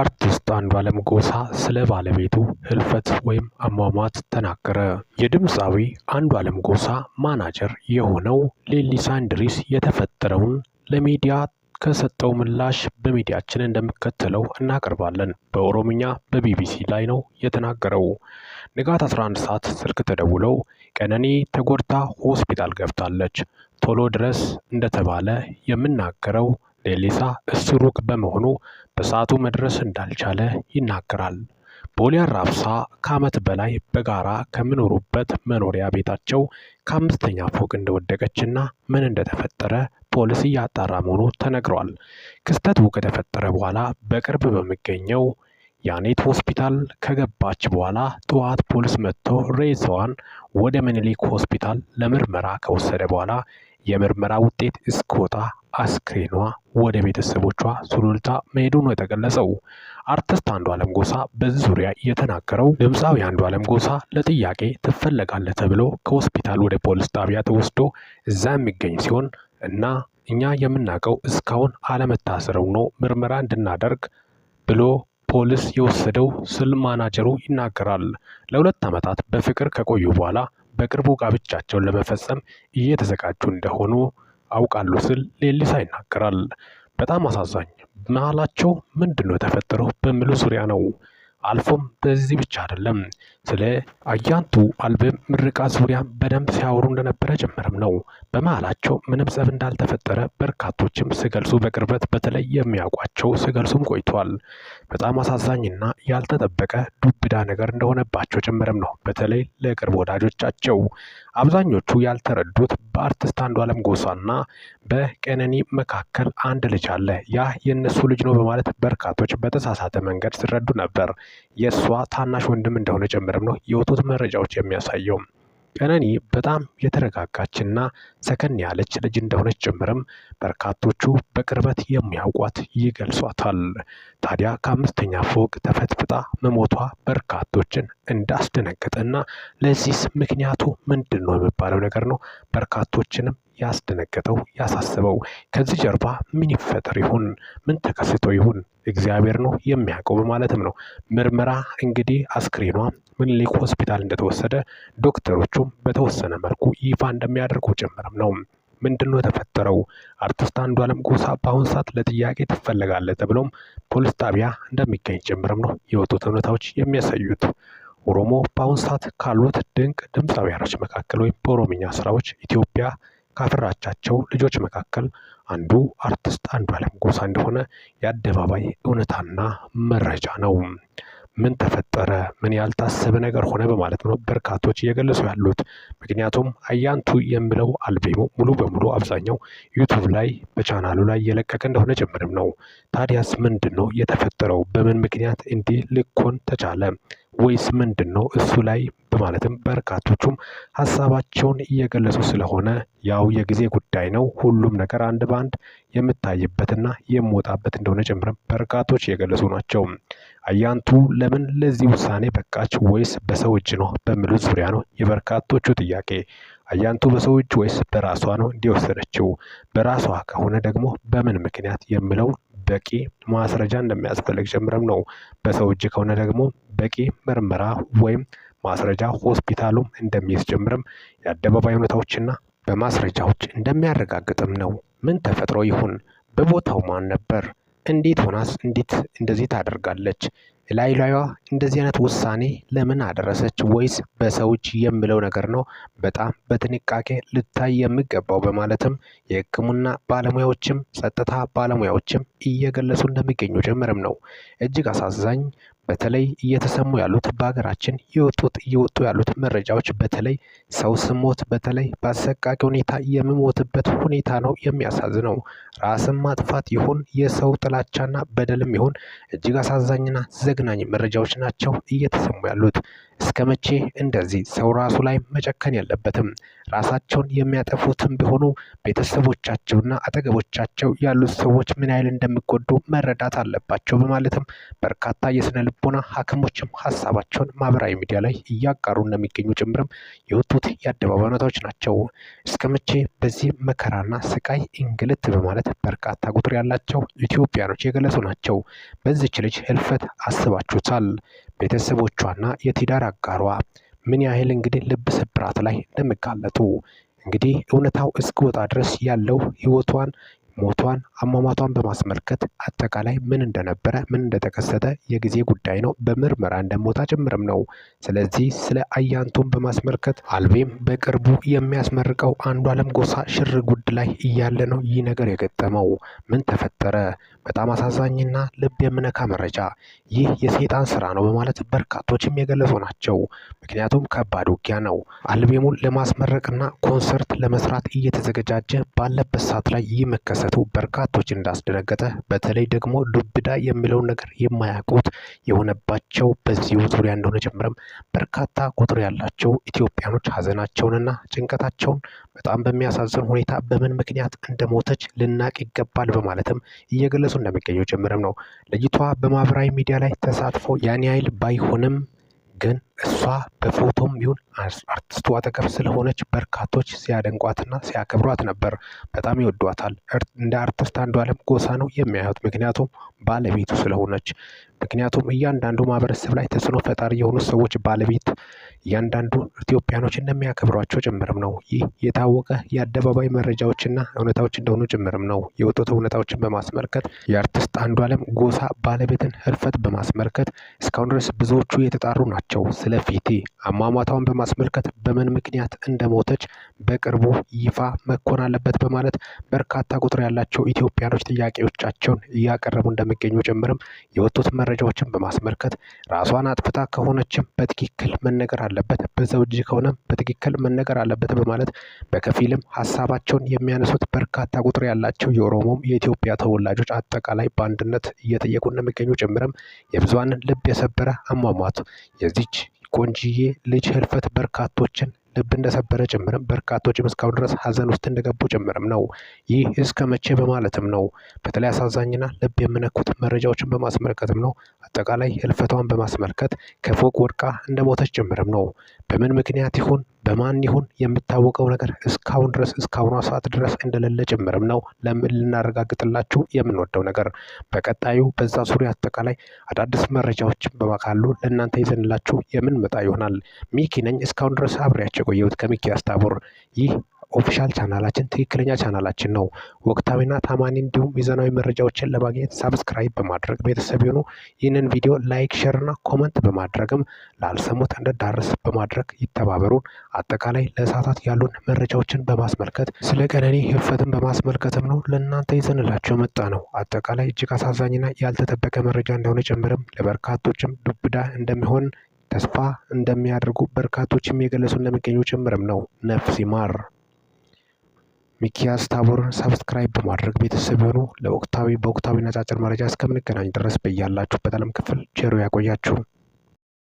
አርቲስት አንዷለም ጎሳ ስለ ባለቤቱ ህልፈት ወይም አሟሟት ተናገረ። የድምፃዊ አንዷለም ጎሳ ማናጀር የሆነው ሌሊሳ እንድሪስ የተፈጠረውን ለሚዲያ ከሰጠው ምላሽ በሚዲያችን እንደሚከተለው እናቀርባለን። በኦሮምኛ በቢቢሲ ላይ ነው የተናገረው። ንጋት 11 ሰዓት ስልክ ተደውለው ቀነኒ ተጎድታ ሆስፒታል ገብታለች፣ ቶሎ ድረስ እንደተባለ የምናገረው ሌሊሳ እሱ ሩቅ በመሆኑ በሰዓቱ መድረስ እንዳልቻለ ይናገራል። ቦሌ አራብሳ ከዓመት በላይ በጋራ ከሚኖሩበት መኖሪያ ቤታቸው ከአምስተኛ ፎቅ እንደወደቀችና ምን እንደተፈጠረ ፖሊስ እያጣራ መሆኑ ተነግሯል። ክስተቱ ከተፈጠረ በኋላ በቅርብ በሚገኘው የአኔት ሆስፒታል ከገባች በኋላ ጠዋት ፖሊስ መጥቶ ሬሳዋን ወደ ምኒልክ ሆስፒታል ለምርመራ ከወሰደ በኋላ የምርመራ ውጤት እስኪወጣ አስክሬኗ ወደ ቤተሰቦቿ ሱሉልታ መሄዱ ነው የተገለጸው። አርቲስት አንዱ አለም ጎሳ በዚህ ዙሪያ የተናገረው ድምፃዊ አንዱ አለም ጎሳ ለጥያቄ ትፈለጋለህ ተብሎ ከሆስፒታል ወደ ፖሊስ ጣቢያ ተወስዶ እዛ የሚገኝ ሲሆን እና እኛ የምናውቀው እስካሁን አለመታሰረው ነው ምርመራ እንድናደርግ ብሎ ፖሊስ የወሰደው ስል ማናጀሩ ይናገራል። ለሁለት ዓመታት በፍቅር ከቆዩ በኋላ በቅርቡ ጋብቻቸውን ለመፈጸም እየተዘጋጁ እንደሆኑ አውቃለሁ ስል ሌሊሳ ይናገራል። በጣም አሳዛኝ መሀላቸው ምንድን ነው የተፈጠረው በሚሉ ዙሪያ ነው። አልፎም በዚህ ብቻ አይደለም ስለ አያንቱ አልበም ምርቃ ዙሪያ በደንብ ሲያወሩ እንደነበረ ጭምርም ነው። በመሀላቸው ምንም ጸብ እንዳልተፈጠረ በርካቶችም ሲገልጹ በቅርበት በተለይ የሚያውቋቸው ሲገልጹም ቆይቷል። በጣም አሳዛኝና ያልተጠበቀ ዱብዳ ነገር እንደሆነባቸው ጭምርም ነው። በተለይ ለቅርብ ወዳጆቻቸው አብዛኞቹ ያልተረዱት በአርቲስት አንዷለም ጎሳና በቀነኒ መካከል አንድ ልጅ አለ፣ ያ የእነሱ ልጅ ነው በማለት በርካቶች በተሳሳተ መንገድ ሲረዱ ነበር። የእሷ ታናሽ ወንድም እንደሆነ ጭምርም ነው የወጡት መረጃዎች የሚያሳየው። ቀነኒ በጣም የተረጋጋችና ሰከን ያለች ልጅ እንደሆነች ጭምርም በርካቶቹ በቅርበት የሚያውቋት ይገልጿታል። ታዲያ ከአምስተኛ ፎቅ ተፈትፍጣ መሞቷ በርካቶችን እንዳስደነገጠና ለዚህስ ምክንያቱ ምንድን ነው የሚባለው ነገር ነው። በርካቶችንም ያስደነገጠው ያሳስበው። ከዚህ ጀርባ ምን ይፈጠር ይሆን? ምን ተከስቶ ይሆን? እግዚአብሔር ነው የሚያውቀው በማለትም ነው ምርመራ እንግዲህ አስክሬኗ ምኒልክ ሆስፒታል እንደተወሰደ ዶክተሮቹም በተወሰነ መልኩ ይፋ እንደሚያደርጉ ጭምርም ነው። ምንድን ነው የተፈጠረው? አርቲስት አንዷለም ጎሳ በአሁኑ ሰዓት ለጥያቄ ትፈለጋለህ ተብሎም ፖሊስ ጣቢያ እንደሚገኝ ጭምርም ነው የወጡት እውነታዎች የሚያሳዩት። ኦሮሞ በአሁኑ ሰዓት ካሉት ድንቅ ድምፃዊያኖች መካከል ወይም በኦሮምኛ ስራዎች ኢትዮጵያ ካፈራቻቸው ልጆች መካከል አንዱ አርቲስት አለም ጎሳ እንደሆነ የአደባባይ እውነታና መረጃ ነው። ምን ተፈጠረ? ምን ያልታሰበ ነገር ሆነ? በማለት ነው በርካቶች እየገለጹ ያሉት። ምክንያቱም አያንቱ የሚለው አልቤሙ ሙሉ በሙሉ አብዛኛው ዩቱብ ላይ በቻናሉ ላይ እየለቀቀ እንደሆነ ጭምርም ነው። ታዲያስ ምንድን ነው የተፈጠረው? በምን ምክንያት እንዲህ ልኮን ተቻለ? ወይስ ምንድን ነው እሱ ላይ በማለትም በርካቶቹም ሀሳባቸውን እየገለጹ ስለሆነ ያው የጊዜ ጉዳይ ነው። ሁሉም ነገር አንድ በአንድ የምታይበትና የምወጣበት እንደሆነ ጭምርም በርካቶች እየገለጹ ናቸው። አያንቱ ለምን ለዚህ ውሳኔ በቃች ወይስ በሰው እጅ ነው በሚሉት ዙሪያ ነው የበርካቶቹ ጥያቄ። አያንቱ በሰው እጅ ወይስ በራሷ ነው እንዲወሰደችው? በራሷ ከሆነ ደግሞ በምን ምክንያት የሚለው በቂ ማስረጃ እንደሚያስፈልግ ጭምርም ነው። በሰው እጅ ከሆነ ደግሞ በቂ ምርመራ ወይም ማስረጃ ሆስፒታሉ እንደሚያስጀምርም የአደባባይ ሁኔታዎችና በማስረጃዎች እንደሚያረጋግጥም ነው። ምን ተፈጥሮ ይሁን? በቦታው ማን ነበር? እንዴት ሆናስ እንዴት እንደዚህ ታደርጋለች? ላይላዋ እንደዚህ አይነት ውሳኔ ለምን አደረሰች? ወይስ በሰው እጅ የምለው ነገር ነው በጣም በጥንቃቄ ልታይ የሚገባው በማለትም የሕክምና ባለሙያዎችም ጸጥታ ባለሙያዎችም እየገለጹ እንደሚገኙ ጭምርም ነው። እጅግ አሳዛኝ በተለይ እየተሰሙ ያሉት በሀገራችን የወጡት እየወጡ ያሉት መረጃዎች በተለይ ሰው ስሞት በተለይ በአሰቃቂ ሁኔታ የምሞትበት ሁኔታ ነው የሚያሳዝነው። ራስን ማጥፋት ይሁን የሰው ጥላቻና በደልም ይሁን እጅግ አሳዛኝና ዘግናኝ መረጃዎች ናቸው እየተሰሙ ያሉት። እስከ መቼ እንደዚህ ሰው ራሱ ላይ መጨከን የለበትም። ራሳቸውን የሚያጠፉትም ቢሆኑ ቤተሰቦቻቸውና አጠገቦቻቸው ያሉት ሰዎች ምን ያህል እንደሚጎዱ መረዳት አለባቸው በማለትም በርካታ የስነ ልቦና ሐኪሞችም ሀሳባቸውን ማህበራዊ ሚዲያ ላይ እያጋሩ እንደሚገኙ ጭምርም የወጡት የአደባባይ እውነታዎች ናቸው። እስከ መቼ በዚህ መከራና ስቃይ እንግልት በማለት በርካታ ቁጥር ያላቸው ኢትዮጵያኖች የገለጹ ናቸው። በዚች ልጅ ህልፈት አስባችሁታል? ቤተሰቦቿና የትዳር አጋሯ ምን ያህል እንግዲህ ልብ ስብራት ላይ እንደሚጋለጡ እንግዲህ እውነታው እስክወጣ ድረስ ያለው ህይወቷን ሞቷን አሟሟቷን በማስመልከት አጠቃላይ ምን እንደነበረ ምን እንደተከሰተ የጊዜ ጉዳይ ነው። በምርመራ እንደሞታ ጭምርም ነው። ስለዚህ ስለ አያንቱን በማስመልከት አልቤም በቅርቡ የሚያስመርቀው አንዷለም ጎሳ ሽር ጉድ ላይ እያለ ነው ይህ ነገር የገጠመው። ምን ተፈጠረ? በጣም አሳዛኝና ልብ የምነካ መረጃ ይህ የሰይጣን ስራ ነው በማለት በርካቶችም የገለጹ ናቸው። ምክንያቱም ከባድ ውጊያ ነው። አልቤሙን ለማስመረቅና ኮንሰርት ለመስራት እየተዘገጃጀ ባለበት ሰዓት ላይ ይህ መከሰቱ በርካቶች እንዳስደነገጠ፣ በተለይ ደግሞ ዱብዳ የሚለውን ነገር የማያውቁት የሆነባቸው በዚሁ ዙሪያ እንደሆነ ጀምረም በርካታ ቁጥር ያላቸው ኢትዮጵያኖች ሀዘናቸውንና ጭንቀታቸውን በጣም በሚያሳዝን ሁኔታ በምን ምክንያት እንደሞተች ልናቅ ይገባል በማለትም እየገለጹ እንደሚገኙ ጭምርም ነው። ልጅቷ በማህበራዊ ሚዲያ ላይ ተሳትፎ ያን ያህል ባይሆንም ግን እሷ በፎቶም ይሁን አርቲስቱ አጠገብ ስለሆነች በርካቶች ሲያደንቋትና ሲያከብሯት ነበር። በጣም ይወዷታል። እንደ አርቲስት አንዷለም ጎሳ ነው የሚያዩት፣ ምክንያቱም ባለቤቱ ስለሆነች። ምክንያቱም እያንዳንዱ ማህበረሰብ ላይ ተጽዕኖ ፈጣሪ የሆኑ ሰዎች ባለቤት እያንዳንዱ ኢትዮጵያኖች እንደሚያከብሯቸው ጭምርም ነው። ይህ የታወቀ የአደባባይ መረጃዎችና እውነታዎች እንደሆኑ ጭምርም ነው። የወጡት እውነታዎችን በማስመልከት የአርቲስት አንዷለም ጎሳ ባለቤትን ህልፈት በማስመልከት እስካሁን ድረስ ብዙዎቹ የተጣሩ ናቸው። ስለ ፊቲ በማስመልከት በምን ምክንያት እንደሞተች በቅርቡ ይፋ መኮን አለበት በማለት በርካታ ቁጥር ያላቸው ኢትዮጵያኖች ጥያቄዎቻቸውን እያቀረቡ እንደሚገኙ ጭምርም የወጡት መረጃዎችን በማስመልከት ራሷን አጥፍታ ከሆነችም በትክክል መነገር አለበት፣ በዛው እጅ ከሆነም በትክክል መነገር አለበት በማለት በከፊልም ሀሳባቸውን የሚያነሱት በርካታ ቁጥር ያላቸው የኦሮሞም የኢትዮጵያ ተወላጆች አጠቃላይ በአንድነት እየጠየቁ እንደሚገኙ ጭምርም የብዙሃንን ልብ የሰበረ አሟሟት የዚች ቆንጅዬ ልጅ ህልፈት በርካቶችን ልብ እንደሰበረ ጭምርም በርካቶችም እስካሁን ድረስ ሀዘን ውስጥ እንደገቡ ጭምርም ነው። ይህ እስከ መቼ በማለትም ነው። በተለይ አሳዛኝና ልብ የምነኩት መረጃዎችን በማስመልከትም ነው። አጠቃላይ ህልፈቷን በማስመልከት ከፎቅ ወድቃ እንደሞተች ጭምርም ነው። በምን ምክንያት ይሁን በማን ይሁን የምታወቀው ነገር እስካሁን ድረስ እስካሁኗ ሰዓት ድረስ እንደሌለ ጭምርም ነው ለምን ልናረጋግጥላችሁ የምንወደው ነገር። በቀጣዩ በዛ ዙሪያ አጠቃላይ አዳዲስ መረጃዎችን በማካሉ ለእናንተ ይዘንላችሁ የምንመጣ ይሆናል። ሚኪ ነኝ። እስካሁን ድረስ አብሬያቸው የቆየሁት ከሚኪ አስታቡር ይህ ኦፊሻል ቻናላችን ትክክለኛ ቻናላችን ነው። ወቅታዊና ታማኒ እንዲሁም ሚዛናዊ መረጃዎችን ለማግኘት ሳብስክራይብ በማድረግ ቤተሰብ የሆኑ ይህንን ቪዲዮ ላይክ፣ ሼርና ኮመንት በማድረግም ላልሰሙት እንዲዳረስ በማድረግ ይተባበሩን። አጠቃላይ ለእሳታት ያሉን መረጃዎችን በማስመልከት ስለ ቀነኒ ህልፈትን በማስመልከትም ነው ለእናንተ ይዘንላቸው መጣ ነው። አጠቃላይ እጅግ አሳዛኝና ያልተጠበቀ መረጃ እንደሆነ ጭምርም ለበርካቶችም ዱብዳ እንደሚሆን ተስፋ እንደሚያደርጉ በርካቶችም የገለጹ እንደሚገኙ ጭምርም ነው። ነፍስ ይማር። ሚኪያስ ታቦርን ሰብስክራይብ በማድረግ ቤተሰብ የሆኑ ለወቅታዊ በወቅታዊ ነጫጭር መረጃ እስከምንገናኝ ድረስ በያላችሁበት ዓለም ክፍል ቸሩ ያቆያችሁ።